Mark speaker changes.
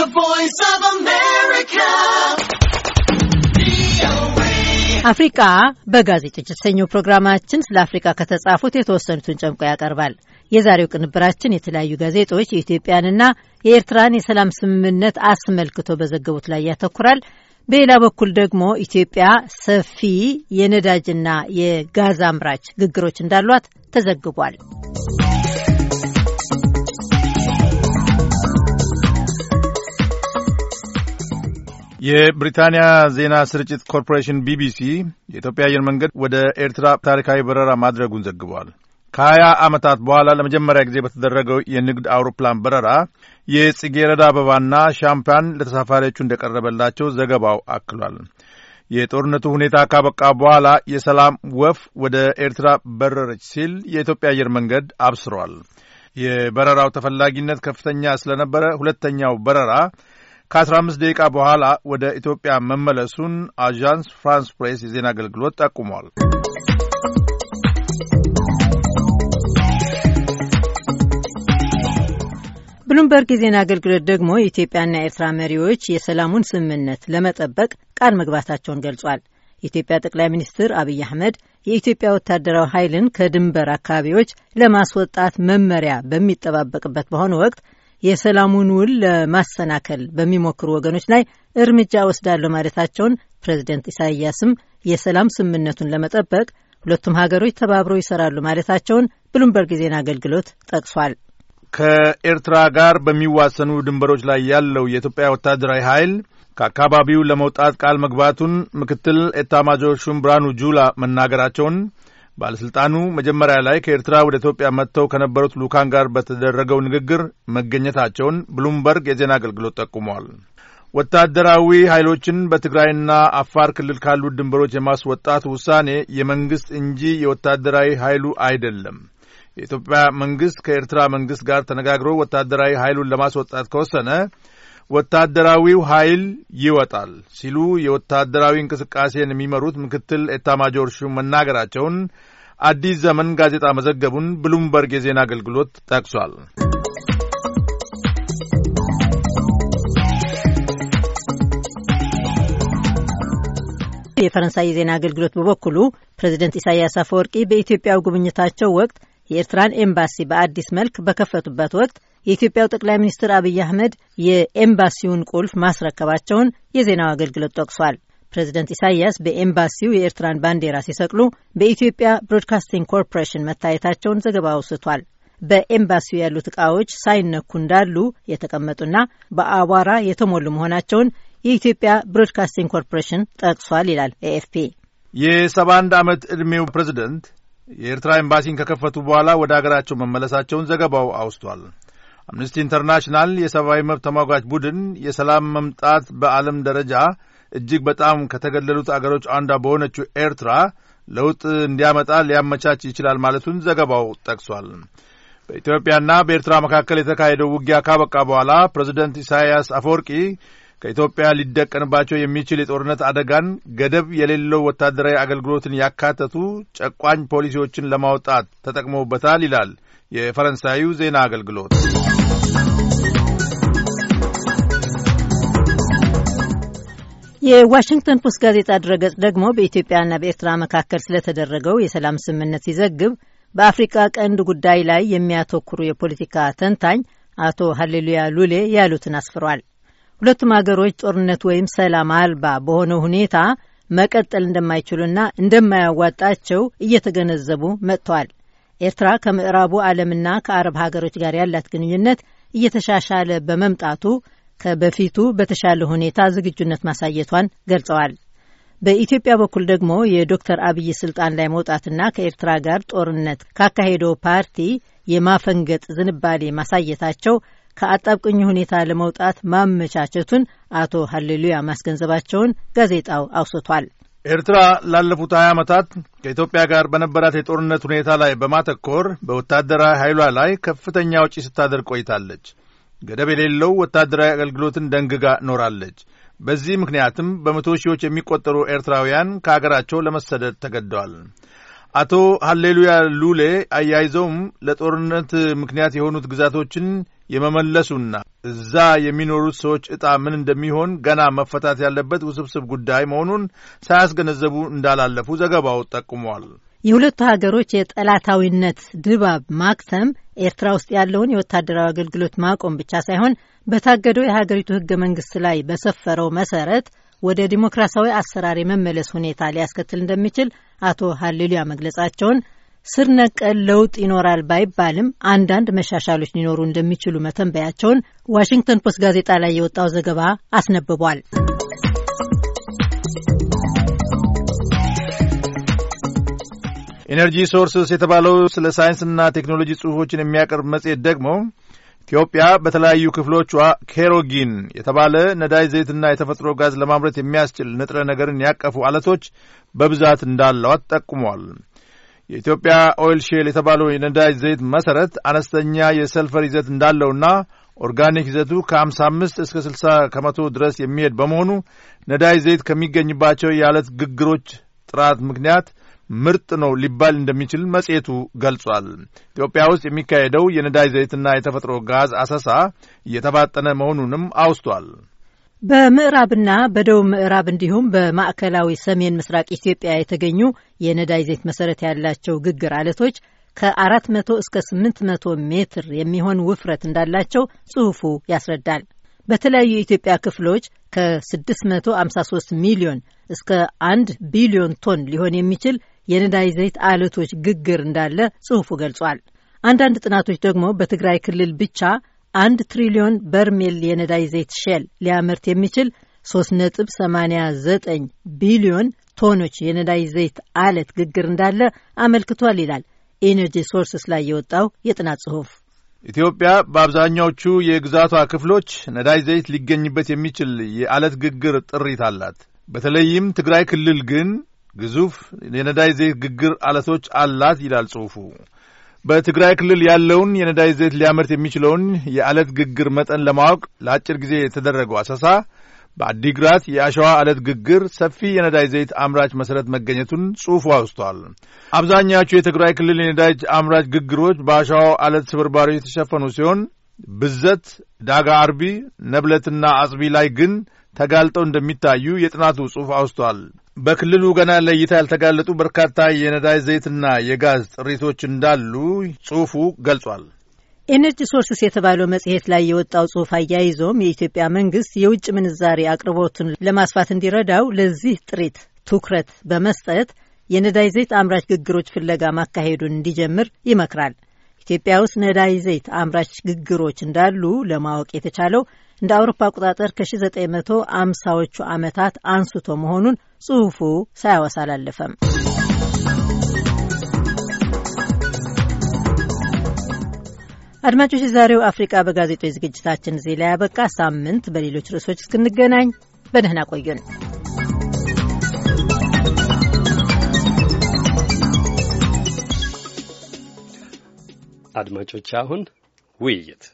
Speaker 1: The Voice of America.
Speaker 2: አፍሪካ በጋዜጦች የተሰኘው ፕሮግራማችን ስለ አፍሪካ ከተጻፉት የተወሰኑትን ጨምቆ ያቀርባል። የዛሬው ቅንብራችን የተለያዩ ጋዜጦች የኢትዮጵያንና የኤርትራን የሰላም ስምምነት አስመልክቶ በዘገቡት ላይ ያተኩራል። በሌላ በኩል ደግሞ ኢትዮጵያ ሰፊ የነዳጅና የጋዝ አምራች ግግሮች እንዳሏት ተዘግቧል።
Speaker 1: የብሪታንያ ዜና ስርጭት ኮርፖሬሽን ቢቢሲ የኢትዮጵያ አየር መንገድ ወደ ኤርትራ ታሪካዊ በረራ ማድረጉን ዘግቧል። ከሀያ ዓመታት በኋላ ለመጀመሪያ ጊዜ በተደረገው የንግድ አውሮፕላን በረራ የጽጌረዳ አበባና ሻምፓን ለተሳፋሪዎቹ እንደቀረበላቸው ዘገባው አክሏል። የጦርነቱ ሁኔታ ካበቃ በኋላ የሰላም ወፍ ወደ ኤርትራ በረረች ሲል የኢትዮጵያ አየር መንገድ አብስሯል። የበረራው ተፈላጊነት ከፍተኛ ስለነበረ ሁለተኛው በረራ ከ15 ደቂቃ በኋላ ወደ ኢትዮጵያ መመለሱን አዣንስ ፍራንስ ፕሬስ የዜና አገልግሎት ጠቁሟል።
Speaker 2: ብሉምበርግ የዜና አገልግሎት ደግሞ የኢትዮጵያና የኤርትራ መሪዎች የሰላሙን ስምምነት ለመጠበቅ ቃል መግባታቸውን ገልጿል። የኢትዮጵያ ጠቅላይ ሚኒስትር አብይ አህመድ የኢትዮጵያ ወታደራዊ ኃይልን ከድንበር አካባቢዎች ለማስወጣት መመሪያ በሚጠባበቅበት በሆነ ወቅት የሰላሙን ውል ለማሰናከል በሚሞክሩ ወገኖች ላይ እርምጃ ወስዳለሁ ማለታቸውን ፕሬዚደንት ኢሳያስም የሰላም ስምምነቱን ለመጠበቅ ሁለቱም ሀገሮች ተባብረው ይሰራሉ ማለታቸውን ብሉምበርግ ዜና አገልግሎት ጠቅሷል።
Speaker 1: ከኤርትራ ጋር በሚዋሰኑ ድንበሮች ላይ ያለው የኢትዮጵያ ወታደራዊ ኃይል ከአካባቢው ለመውጣት ቃል መግባቱን ምክትል ኤታማዦር ሹም ብርሃኑ ጁላ መናገራቸውን ባለሥልጣኑ መጀመሪያ ላይ ከኤርትራ ወደ ኢትዮጵያ መጥተው ከነበሩት ልኡካን ጋር በተደረገው ንግግር መገኘታቸውን ብሉምበርግ የዜና አገልግሎት ጠቁሟል። ወታደራዊ ኃይሎችን በትግራይና አፋር ክልል ካሉት ድንበሮች የማስወጣት ውሳኔ የመንግሥት እንጂ የወታደራዊ ኃይሉ አይደለም። የኢትዮጵያ መንግሥት ከኤርትራ መንግሥት ጋር ተነጋግሮ ወታደራዊ ኃይሉን ለማስወጣት ከወሰነ ወታደራዊው ኃይል ይወጣል ሲሉ የወታደራዊ እንቅስቃሴን የሚመሩት ምክትል ኤታማጆር ሹም መናገራቸውን አዲስ ዘመን ጋዜጣ መዘገቡን ብሉምበርግ የዜና አገልግሎት ጠቅሷል።
Speaker 2: የፈረንሳይ የዜና አገልግሎት በበኩሉ ፕሬዚደንት ኢሳያስ አፈወርቂ በኢትዮጵያው ጉብኝታቸው ወቅት የኤርትራን ኤምባሲ በአዲስ መልክ በከፈቱበት ወቅት የኢትዮጵያው ጠቅላይ ሚኒስትር አብይ አህመድ የኤምባሲውን ቁልፍ ማስረከባቸውን የዜናው አገልግሎት ጠቅሷል። ፕሬዚደንት ኢሳያስ በኤምባሲው የኤርትራን ባንዲራ ሲሰቅሉ በኢትዮጵያ ብሮድካስቲንግ ኮርፖሬሽን መታየታቸውን ዘገባ አውስቷል። በኤምባሲው ያሉት እቃዎች ሳይነኩ እንዳሉ የተቀመጡና በአቧራ የተሞሉ መሆናቸውን የኢትዮጵያ ብሮድካስቲንግ ኮርፖሬሽን ጠቅሷል ይላል ኤኤፍፒ።
Speaker 1: የ71 ዓመት ዕድሜው ፕሬዝደንት የኤርትራ ኤምባሲን ከከፈቱ በኋላ ወደ አገራቸው መመለሳቸውን ዘገባው አውስቷል። አምነስቲ ኢንተርናሽናል የሰብአዊ መብት ተሟጋች ቡድን የሰላም መምጣት በዓለም ደረጃ እጅግ በጣም ከተገለሉት አገሮች አንዷ በሆነችው ኤርትራ ለውጥ እንዲያመጣ ሊያመቻች ይችላል ማለቱን ዘገባው ጠቅሷል። በኢትዮጵያና በኤርትራ መካከል የተካሄደው ውጊያ ካበቃ በኋላ ፕሬዚደንት ኢሳይያስ አፈወርቂ ከኢትዮጵያ ሊደቀንባቸው የሚችል የጦርነት አደጋን፣ ገደብ የሌለው ወታደራዊ አገልግሎትን ያካተቱ ጨቋኝ ፖሊሲዎችን ለማውጣት ተጠቅመውበታል ይላል የፈረንሳዩ ዜና አገልግሎት።
Speaker 2: የዋሽንግተን ፖስት ጋዜጣ ድረገጽ ደግሞ በኢትዮጵያና በኤርትራ መካከል ስለተደረገው የሰላም ስምምነት ሲዘግብ በአፍሪቃ ቀንድ ጉዳይ ላይ የሚያተኩሩ የፖለቲካ ተንታኝ አቶ ሀሌሉያ ሉሌ ያሉትን አስፍሯል። ሁለቱም አገሮች ጦርነት ወይም ሰላም አልባ በሆነው ሁኔታ መቀጠል እንደማይችሉና እንደማያዋጣቸው እየተገነዘቡ መጥተዋል። ኤርትራ ከምዕራቡ ዓለምና ከአረብ ሀገሮች ጋር ያላት ግንኙነት እየተሻሻለ በመምጣቱ ከበፊቱ በተሻለ ሁኔታ ዝግጁነት ማሳየቷን ገልጸዋል። በኢትዮጵያ በኩል ደግሞ የዶክተር አብይ ስልጣን ላይ መውጣትና ከኤርትራ ጋር ጦርነት ካካሄደው ፓርቲ የማፈንገጥ ዝንባሌ ማሳየታቸው ከአጣብቅኝ ሁኔታ ለመውጣት ማመቻቸቱን አቶ ሀሌሉያ ማስገንዘባቸውን ጋዜጣው አውስቷል።
Speaker 1: ኤርትራ ላለፉት ሀያ ዓመታት ከኢትዮጵያ ጋር በነበራት የጦርነት ሁኔታ ላይ በማተኮር በወታደራዊ ኃይሏ ላይ ከፍተኛ ውጪ ስታደርግ ቆይታለች። ገደብ የሌለው ወታደራዊ አገልግሎትን ደንግጋ ኖራለች። በዚህ ምክንያትም በመቶ ሺዎች የሚቆጠሩ ኤርትራውያን ከአገራቸው ለመሰደድ ተገደዋል። አቶ ሀሌሉያ ሉሌ አያይዘውም ለጦርነት ምክንያት የሆኑት ግዛቶችን የመመለሱና እዛ የሚኖሩት ሰዎች ዕጣ ምን እንደሚሆን ገና መፈታት ያለበት ውስብስብ ጉዳይ መሆኑን ሳያስገነዘቡ እንዳላለፉ ዘገባው ጠቁሟል።
Speaker 2: የሁለቱ ሀገሮች የጠላታዊነት ድባብ ማክተም ኤርትራ ውስጥ ያለውን የወታደራዊ አገልግሎት ማቆም ብቻ ሳይሆን በታገደው የሀገሪቱ ሕገ መንግስት ላይ በሰፈረው መሰረት ወደ ዲሞክራሲያዊ አሰራር የመመለስ ሁኔታ ሊያስከትል እንደሚችል አቶ ሀሌሉያ መግለጻቸውን ስር ነቀል ለውጥ ይኖራል ባይባልም አንዳንድ መሻሻሎች ሊኖሩ እንደሚችሉ መተንበያቸውን ዋሽንግተን ፖስት ጋዜጣ ላይ የወጣው ዘገባ አስነብቧል።
Speaker 1: ኢነርጂ ሶርስስ የተባለው ስለ ሳይንስና ቴክኖሎጂ ጽሑፎችን የሚያቀርብ መጽሔት ደግሞ ኢትዮጵያ በተለያዩ ክፍሎቿ ኬሮጊን የተባለ ነዳጅ ዘይትና የተፈጥሮ ጋዝ ለማምረት የሚያስችል ንጥረ ነገርን ያቀፉ አለቶች በብዛት እንዳለዋት ጠቁሟል። የኢትዮጵያ ኦይል ሼል የተባለው የነዳጅ ዘይት መሠረት አነስተኛ የሰልፈር ይዘት እንዳለውና ኦርጋኒክ ይዘቱ ከ55 እስከ 60 ከመቶ ድረስ የሚሄድ በመሆኑ ነዳጅ ዘይት ከሚገኝባቸው የአለት ግግሮች ጥራት ምክንያት ምርጥ ነው ሊባል እንደሚችል መጽሔቱ ገልጿል። ኢትዮጵያ ውስጥ የሚካሄደው የነዳጅ ዘይትና የተፈጥሮ ጋዝ አሰሳ እየተፋጠነ መሆኑንም አውስቷል።
Speaker 2: በምዕራብና በደቡብ ምዕራብ እንዲሁም በማዕከላዊ ሰሜን ምስራቅ ኢትዮጵያ የተገኙ የነዳጅ ዘይት መሰረት ያላቸው ግግር አለቶች ከ400 እስከ 800 ሜትር የሚሆን ውፍረት እንዳላቸው ጽሑፉ ያስረዳል። በተለያዩ የኢትዮጵያ ክፍሎች ከ653 ሚሊዮን እስከ 1 ቢሊዮን ቶን ሊሆን የሚችል የነዳጅ ዘይት አለቶች ግግር እንዳለ ጽሑፉ ገልጿል። አንዳንድ ጥናቶች ደግሞ በትግራይ ክልል ብቻ አንድ ትሪሊዮን በርሜል የነዳጅ ዘይት ሼል ሊያመርት የሚችል 3.89 ቢሊዮን ቶኖች የነዳጅ ዘይት አለት ግግር እንዳለ አመልክቷል ይላል ኢነርጂ ሶርስስ ላይ የወጣው የጥናት ጽሑፍ።
Speaker 1: ኢትዮጵያ በአብዛኛዎቹ የግዛቷ ክፍሎች ነዳጅ ዘይት ሊገኝበት የሚችል የአለት ግግር ጥሪት አላት። በተለይም ትግራይ ክልል ግን ግዙፍ የነዳጅ ዘይት ግግር አለቶች አላት ይላል ጽሑፉ። በትግራይ ክልል ያለውን የነዳጅ ዘይት ሊያመርት የሚችለውን የአለት ግግር መጠን ለማወቅ ለአጭር ጊዜ የተደረገው አሰሳ በአዲግራት የአሸዋ አለት ግግር ሰፊ የነዳጅ ዘይት አምራች መሠረት መገኘቱን ጽሑፉ አውስቷል። አብዛኛዎቹ የትግራይ ክልል የነዳጅ አምራች ግግሮች በአሸዋው አለት ስብርባሪዎች የተሸፈኑ ሲሆን ብዘት፣ ዳጋ አርቢ፣ ነብለትና አጽቢ ላይ ግን ተጋልጠው እንደሚታዩ የጥናቱ ጽሑፍ አውስቷል። በክልሉ ገና ለእይታ ያልተጋለጡ በርካታ የነዳጅ ዘይትና የጋዝ ጥሪቶች እንዳሉ ጽሑፉ ገልጿል።
Speaker 2: ኤነርጂ ሶርስስ የተባለው መጽሔት ላይ የወጣው ጽሑፍ አያይዞም የኢትዮጵያ መንግስት የውጭ ምንዛሪ አቅርቦቱን ለማስፋት እንዲረዳው ለዚህ ጥሪት ትኩረት በመስጠት የነዳጅ ዘይት አምራች ግግሮች ፍለጋ ማካሄዱን እንዲጀምር ይመክራል። ኢትዮጵያ ውስጥ ነዳጅ ዘይት አምራች ግግሮች እንዳሉ ለማወቅ የተቻለው እንደ አውሮፓ አቆጣጠር ከ1950ዎቹ ዓመታት አንስቶ መሆኑን ጽሑፉ ሳያወሳ አላለፈም። አድማጮች፣ የዛሬው አፍሪቃ በጋዜጦች ዝግጅታችን እዚህ ላይ ያበቃ። ሳምንት በሌሎች ርዕሶች እስክንገናኝ በደህና ቆዩን። አድማጮች አሁን ውይይት